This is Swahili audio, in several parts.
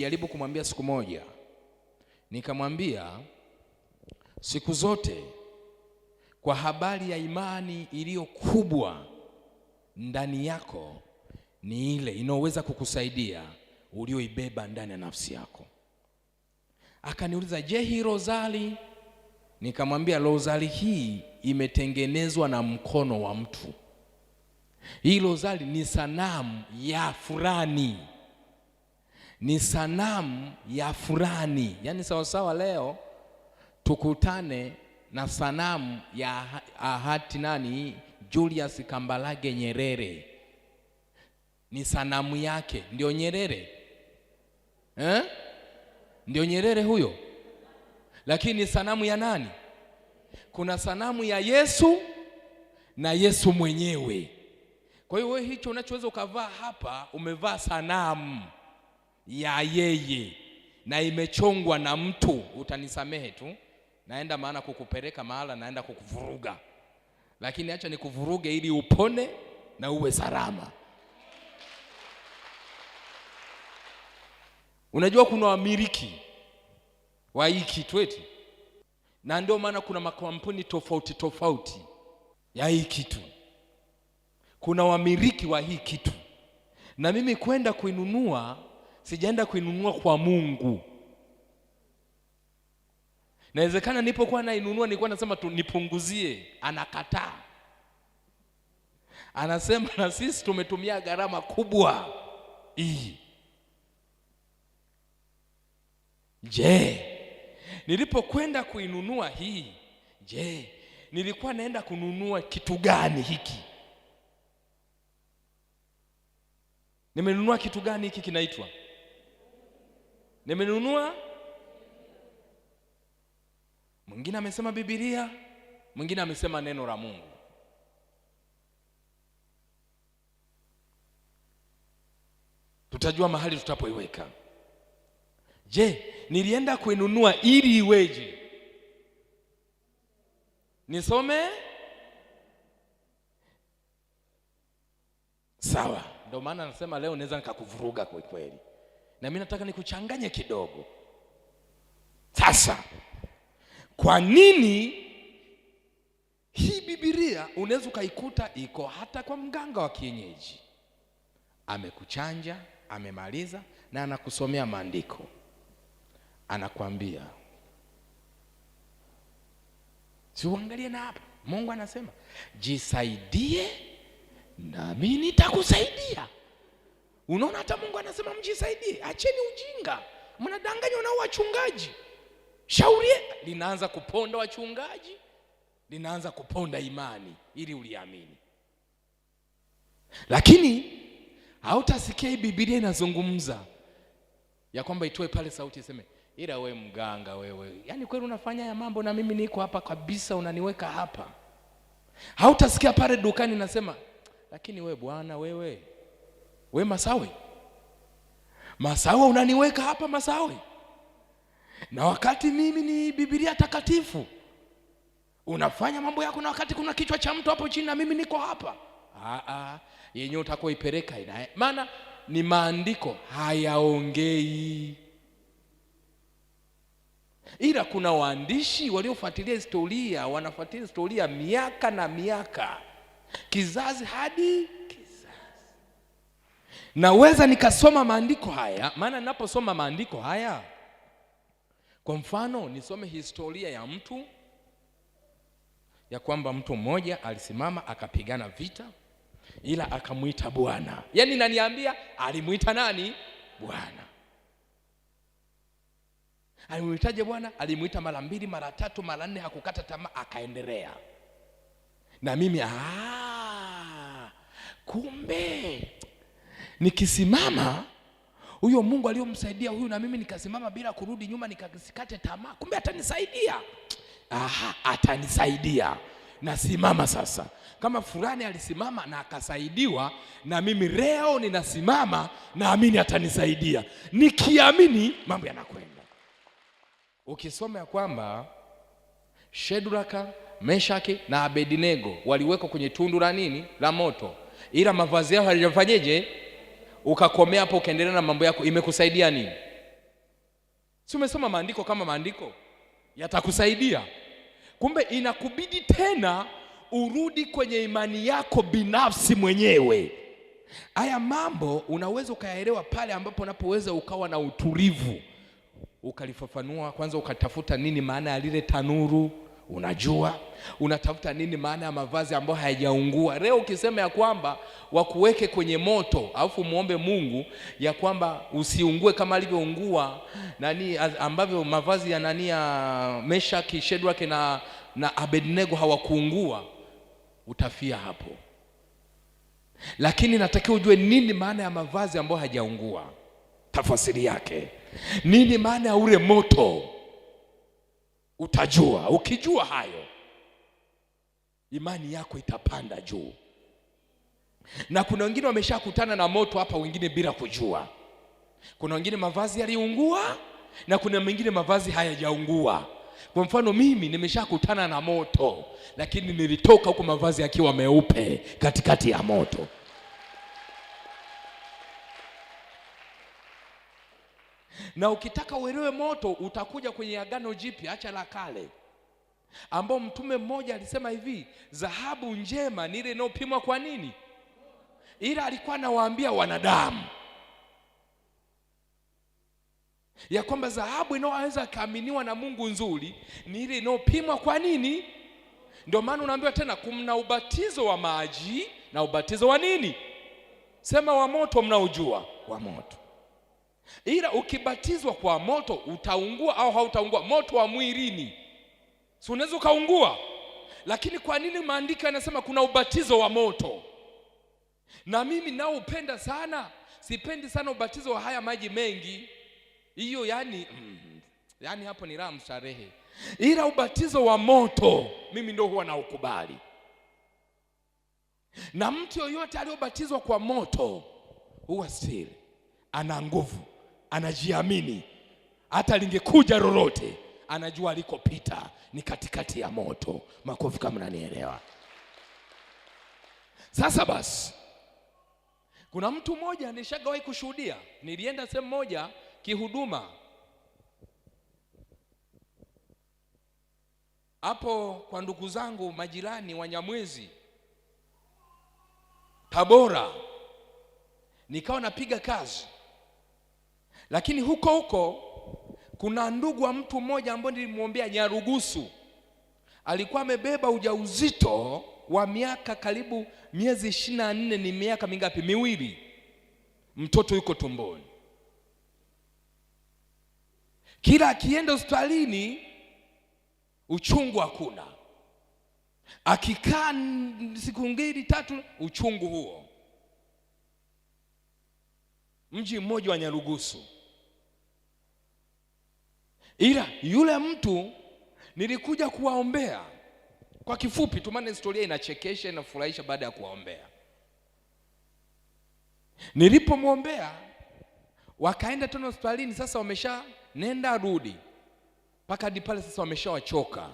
nilijaribu kumwambia siku moja, nikamwambia siku zote kwa habari ya imani iliyo kubwa ndani yako ni ile inayoweza kukusaidia ulioibeba ndani ya nafsi yako. Akaniuliza, je, hii rozari? Nikamwambia rozari hii imetengenezwa na mkono wa mtu. Hii rozari ni sanamu ya fulani ni sanamu ya fulani. Yaani sawasawa leo tukutane na sanamu ya ahati nani, Julius Kambarage Nyerere, ni sanamu yake. Ndio Nyerere eh? Ndio Nyerere huyo, lakini ni sanamu ya nani? Kuna sanamu ya Yesu na Yesu mwenyewe. Kwa hiyo wewe hicho unachoweza ukavaa hapa, umevaa sanamu ya yeye na imechongwa na mtu, utanisamehe tu, naenda maana kukupeleka mahala, naenda kukuvuruga, lakini acha nikuvuruge ili upone na uwe salama. Unajua kuna wamiliki wa hii kitu eti, na ndio maana kuna makampuni tofauti tofauti ya hii kitu. Kuna wamiliki wa hii kitu, na mimi kwenda kuinunua sijaenda kuinunua kwa Mungu. Nawezekana nilipokuwa nainunua nilikuwa nasema tu nipunguzie, anakataa. Anasema na sisi tumetumia gharama kubwa hii. Je, nilipokwenda kuinunua hii, je, nilikuwa naenda kununua kitu gani hiki? Nimenunua kitu gani hiki kinaitwa nimenunua. Mwingine amesema bibilia mwingine amesema neno la Mungu. Tutajua mahali tutapoiweka. Je, nilienda kuinunua ili iweje? Nisome sawa? Ndio maana nasema leo naweza nikakuvuruga kweli na mimi nataka nikuchanganye kidogo. Sasa kwa nini hii Biblia unaweza ukaikuta iko hata kwa mganga wa kienyeji, amekuchanja amemaliza, na anakusomea maandiko, anakwambia siuangalie na hapa Mungu anasema jisaidie, nami nitakusaidia. Unaona, hata Mungu anasema mjisaidie, acheni ujinga, mnadanganywa na wachungaji. Shauri linaanza kuponda wachungaji, linaanza kuponda imani ili uliamini. Lakini hautasikia hii Biblia inazungumza ya kwamba itoe pale sauti iseme, ila we mganga wewe, yaani kweli unafanya ya mambo na mimi niko hapa kabisa, unaniweka hapa. Hautasikia pale dukani nasema, lakini we bwana wewe We Masawe, Masawe unaniweka hapa Masawe, na wakati mimi ni Biblia takatifu unafanya mambo yako, na wakati kuna kichwa cha mtu hapo chini na mimi niko hapa. yenyewe utakuwa ipeleka ina, eh, maana ni maandiko hayaongei, ila kuna waandishi waliofuatilia historia, wanafuatilia historia miaka na miaka, kizazi hadi naweza nikasoma maandiko haya, maana ninaposoma maandiko haya, kwa mfano nisome historia ya mtu ya kwamba mtu mmoja alisimama akapigana vita, ila akamwita Bwana. Yaani naniambia alimwita nani? Bwana. Alimwitaje Bwana? Alimwita mara mbili, mara tatu, mara nne, hakukata tamaa, akaendelea. Na mimi aa, kumbe nikisimama huyo Mungu aliyomsaidia huyu na mimi nikasimama bila kurudi nyuma, nikasikate tamaa, kumbe atanisaidia. Aha, atanisaidia. Nasimama sasa. Kama fulani alisimama na akasaidiwa, na mimi leo ninasimama, naamini atanisaidia. Nikiamini mambo yanakwenda. Ukisoma ya kwamba Shedraka, Meshaki na Abednego waliwekwa kwenye tundu la nini la moto, ila mavazi yao yalifanyeje ukakomea hapo ukaendelea na mambo yako, imekusaidia nini? Si umesoma maandiko kama maandiko yatakusaidia? Kumbe inakubidi tena urudi kwenye imani yako binafsi mwenyewe. Haya mambo unaweza ukayaelewa pale ambapo unapoweza ukawa na utulivu, ukalifafanua kwanza, ukatafuta nini maana ya lile tanuru unajua unatafuta nini maana ya mavazi ambayo hayajaungua. Leo ukisema ya kwamba wakuweke kwenye moto, alafu muombe Mungu ya kwamba usiungue kama alivyoungua nani, ambavyo mavazi ya nani ya Meshaki, Shadraka na, na Abednego hawakuungua, utafia hapo. Lakini natakiwa ujue nini maana ya mavazi ambayo hayajaungua, tafasiri yake nini, maana ya ule moto utajua. Ukijua hayo, imani yako itapanda juu. Na kuna wengine wameshakutana na moto hapa, wengine bila kujua. Kuna wengine mavazi yaliungua, na kuna mengine mavazi hayajaungua. Kwa mfano mimi nimeshakutana na moto, lakini nilitoka huko mavazi yakiwa meupe katikati ya moto. Na ukitaka uelewe moto utakuja kwenye Agano Jipya, acha la kale, ambao mtume mmoja alisema hivi, dhahabu njema ni ile inayopimwa kwa nini, ila alikuwa anawaambia wanadamu ya kwamba dhahabu inayoweza kaaminiwa na Mungu nzuri ni ile inayopimwa kwa nini. Ndio maana unaambiwa tena, kumna ubatizo wa maji na ubatizo wa nini, sema wa moto, mnaojua wa moto ila ukibatizwa kwa moto utaungua au hautaungua? Moto wa mwilini, si unaweza ukaungua. Lakini kwa nini maandiko yanasema kuna ubatizo wa moto? Na mimi nao upenda sana, sipendi sana ubatizo wa haya maji mengi, hiyo yani mm, yani hapo ni raha mstarehe, ila ubatizo wa moto mimi ndio huwa naukubali, na mtu yoyote aliyobatizwa kwa moto huwa stili ana nguvu anajiamini, hata lingekuja lolote anajua alikopita ni katikati ya moto. Makofi kama mnanielewa. Sasa basi, kuna mtu mmoja nishagawahi kushuhudia, nilienda sehemu moja kihuduma hapo kwa ndugu zangu majirani wa Nyamwezi Tabora, nikawa napiga kazi lakini huko huko kuna ndugu wa mtu mmoja ambaye nilimwombea Nyarugusu, alikuwa amebeba ujauzito wa miaka karibu miezi ishirini na nne ni miaka mingapi? Miwili, mtoto yuko tumboni. Kila akienda hospitalini uchungu hakuna, akikaa siku mbili tatu uchungu huo. Mji mmoja wa Nyarugusu Ila yule mtu nilikuja kuwaombea kwa kifupi tu, maana historia inachekesha, inafurahisha. Baada ya kuwaombea, nilipomwombea wakaenda tena hospitalini. Sasa wamesha nenda rudi mpaka hadi pale sasa, wameshawachoka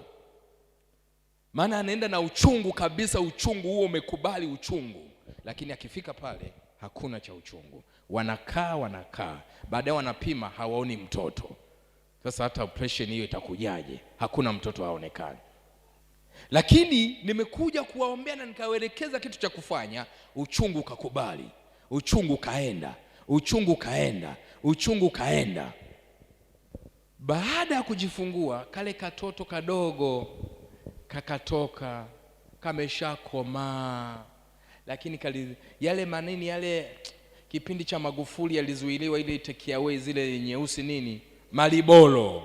maana anaenda na uchungu kabisa. Uchungu huo umekubali uchungu, lakini akifika pale hakuna cha uchungu. Wanakaa wanakaa, baadaye wanapima, hawaoni mtoto. Sasa hata operation hiyo itakujaje? Hakuna mtoto haonekani. Lakini nimekuja kuwaombea na nikawaelekeza kitu cha kufanya. Uchungu ukakubali, uchungu kaenda, uchungu kaenda, uchungu kaenda. Baada ya kujifungua, kale katoto kadogo kakatoka, kameshakomaa, lakini kali, yale manini yale, kipindi cha Magufuli yalizuiliwa, ile tekiawe zile nyeusi nini Maliboro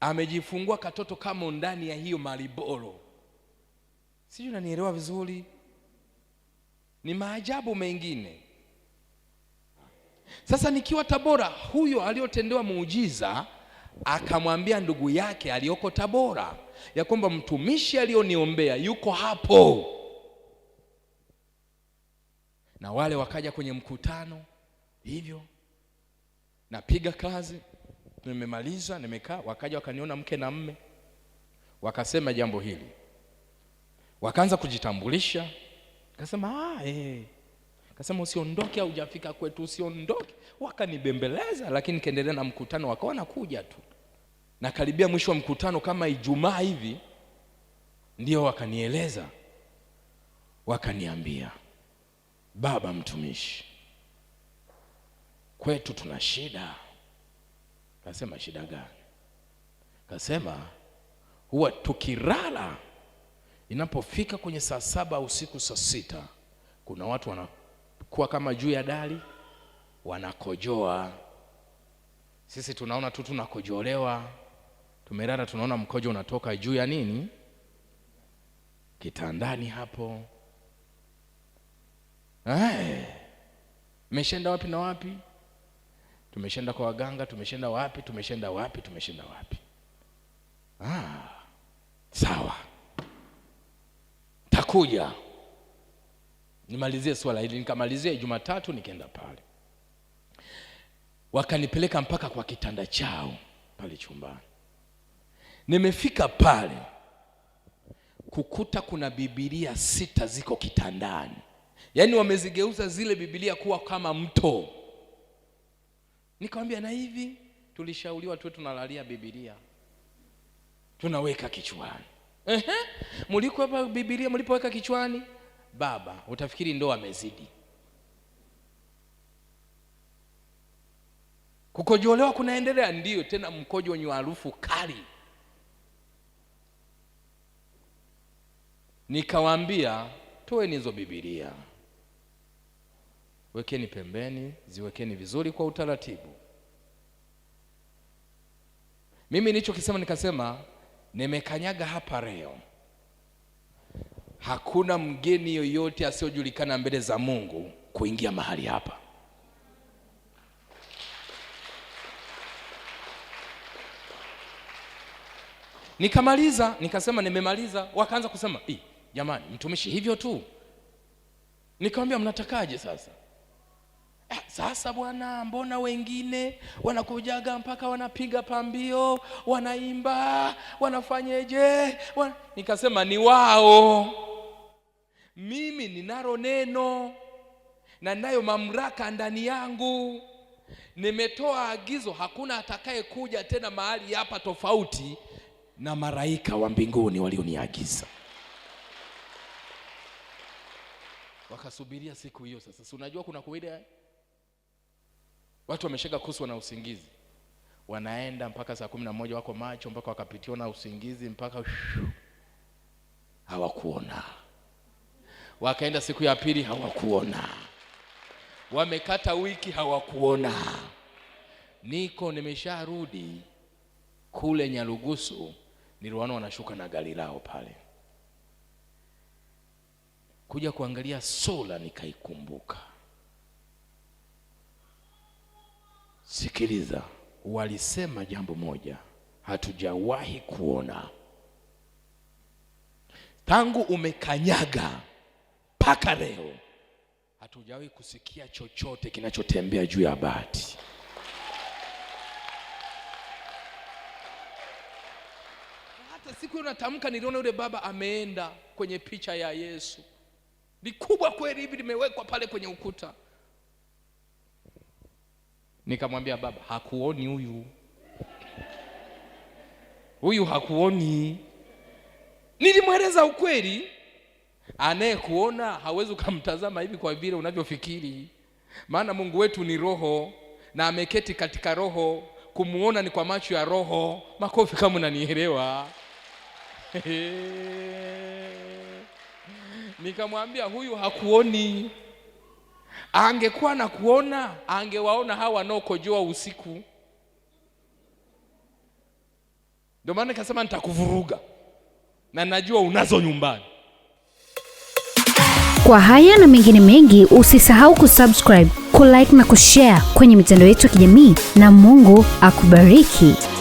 amejifungua katoto kamo ndani ya hiyo Malibolo, sijui unanielewa vizuri. Ni maajabu mengine. Sasa nikiwa Tabora, huyo aliyotendewa muujiza akamwambia ndugu yake aliyoko Tabora ya kwamba mtumishi aliyoniombea yuko hapo, na wale wakaja kwenye mkutano hivyo, napiga kazi, nimemaliza, nimekaa. Wakaja wakaniona mke na mme, wakasema jambo hili, wakaanza kujitambulisha. Kasema ah, eh, kasema usiondoke, haujafika kwetu, usiondoke. Wakanibembeleza, lakini kaendelea na mkutano, wakawa nakuja tu, na karibia mwisho wa mkutano kama Ijumaa hivi ndio wakanieleza, wakaniambia baba mtumishi kwetu tuna shida. Kasema shida gani? Kasema huwa tukilala, inapofika kwenye saa saba usiku, saa sita, kuna watu wanakuwa kama juu ya dari wanakojoa. Sisi tunaona tu tunakojolewa, tumelala, tunaona mkojo unatoka juu ya nini, kitandani hapo. Hey, eh, meshaenda wapi na wapi? tumeshenda kwa waganga, tumeshenda wapi, tumeshenda wapi, tumeshenda wapi. Ah, sawa, takuja nimalizie swala hili. Nikamalizia Jumatatu, nikaenda pale, wakanipeleka mpaka kwa kitanda chao pale chumbani. Nimefika pale kukuta kuna Biblia sita ziko kitandani, yaani wamezigeuza zile Biblia kuwa kama mto Nikamwambia na hivi tulishauriwa tu tunalalia Biblia tunaweka kichwani. Ehe, bibilia Biblia mlipoweka kichwani, baba utafikiri ndo amezidi kukojolewa kunaendelea, ndiyo tena mkojo wenye harufu kali. nikawambia toeni hizo Biblia wekeni pembeni, ziwekeni vizuri kwa utaratibu. Mimi nilichokisema nikasema, nimekanyaga hapa leo, hakuna mgeni yoyote asiyojulikana mbele za Mungu kuingia mahali hapa. Nikamaliza nikasema nimemaliza. Wakaanza kusema jamani, mtumishi hivyo tu. Nikamwambia mnatakaje sasa? Sasa bwana, mbona wengine wanakujaga mpaka wanapiga pambio, wanaimba, wanafanyeje wan... Nikasema ni wao, mimi ninalo neno na nayo mamlaka ndani yangu. Nimetoa agizo, hakuna atakayekuja tena mahali hapa tofauti na maraika wa mbinguni walioniagiza. Wakasubiria siku hiyo. Sasa unajua kuna kuida Watu wameshika kuswa na usingizi, wanaenda mpaka saa kumi na moja wako macho mpaka wakapitiwa na usingizi mpaka hawakuona. Wakaenda siku ya pili hawakuona, wamekata wiki hawakuona. Niko nimesharudi kule Nyarugusu, niliwaona wanashuka na gari lao pale kuja kuangalia sola, nikaikumbuka Sikiliza, walisema jambo moja hatujawahi kuona tangu umekanyaga mpaka leo, hatujawahi kusikia chochote kinachotembea juu ya bahati. Hata siku natamka, niliona yule baba ameenda kwenye picha ya Yesu, ni kubwa kweli hivi, limewekwa pale kwenye ukuta. Nikamwambia baba, hakuoni huyu huyu, hakuoni. Nilimweleza ukweli, anayekuona hawezi ukamtazama hivi kwa vile unavyofikiri, maana Mungu wetu ni roho na ameketi katika roho, kumuona ni kwa macho ya roho. Makofi kama unanielewa. Nikamwambia huyu hakuoni angekuwa na kuona angewaona hawa wanaokojoa usiku. Ndio maana nikasema nitakuvuruga na najua unazo nyumbani. Kwa haya na mengine mengi, usisahau kusubscribe, kulike na kushare kwenye mitandao yetu ya kijamii, na Mungu akubariki.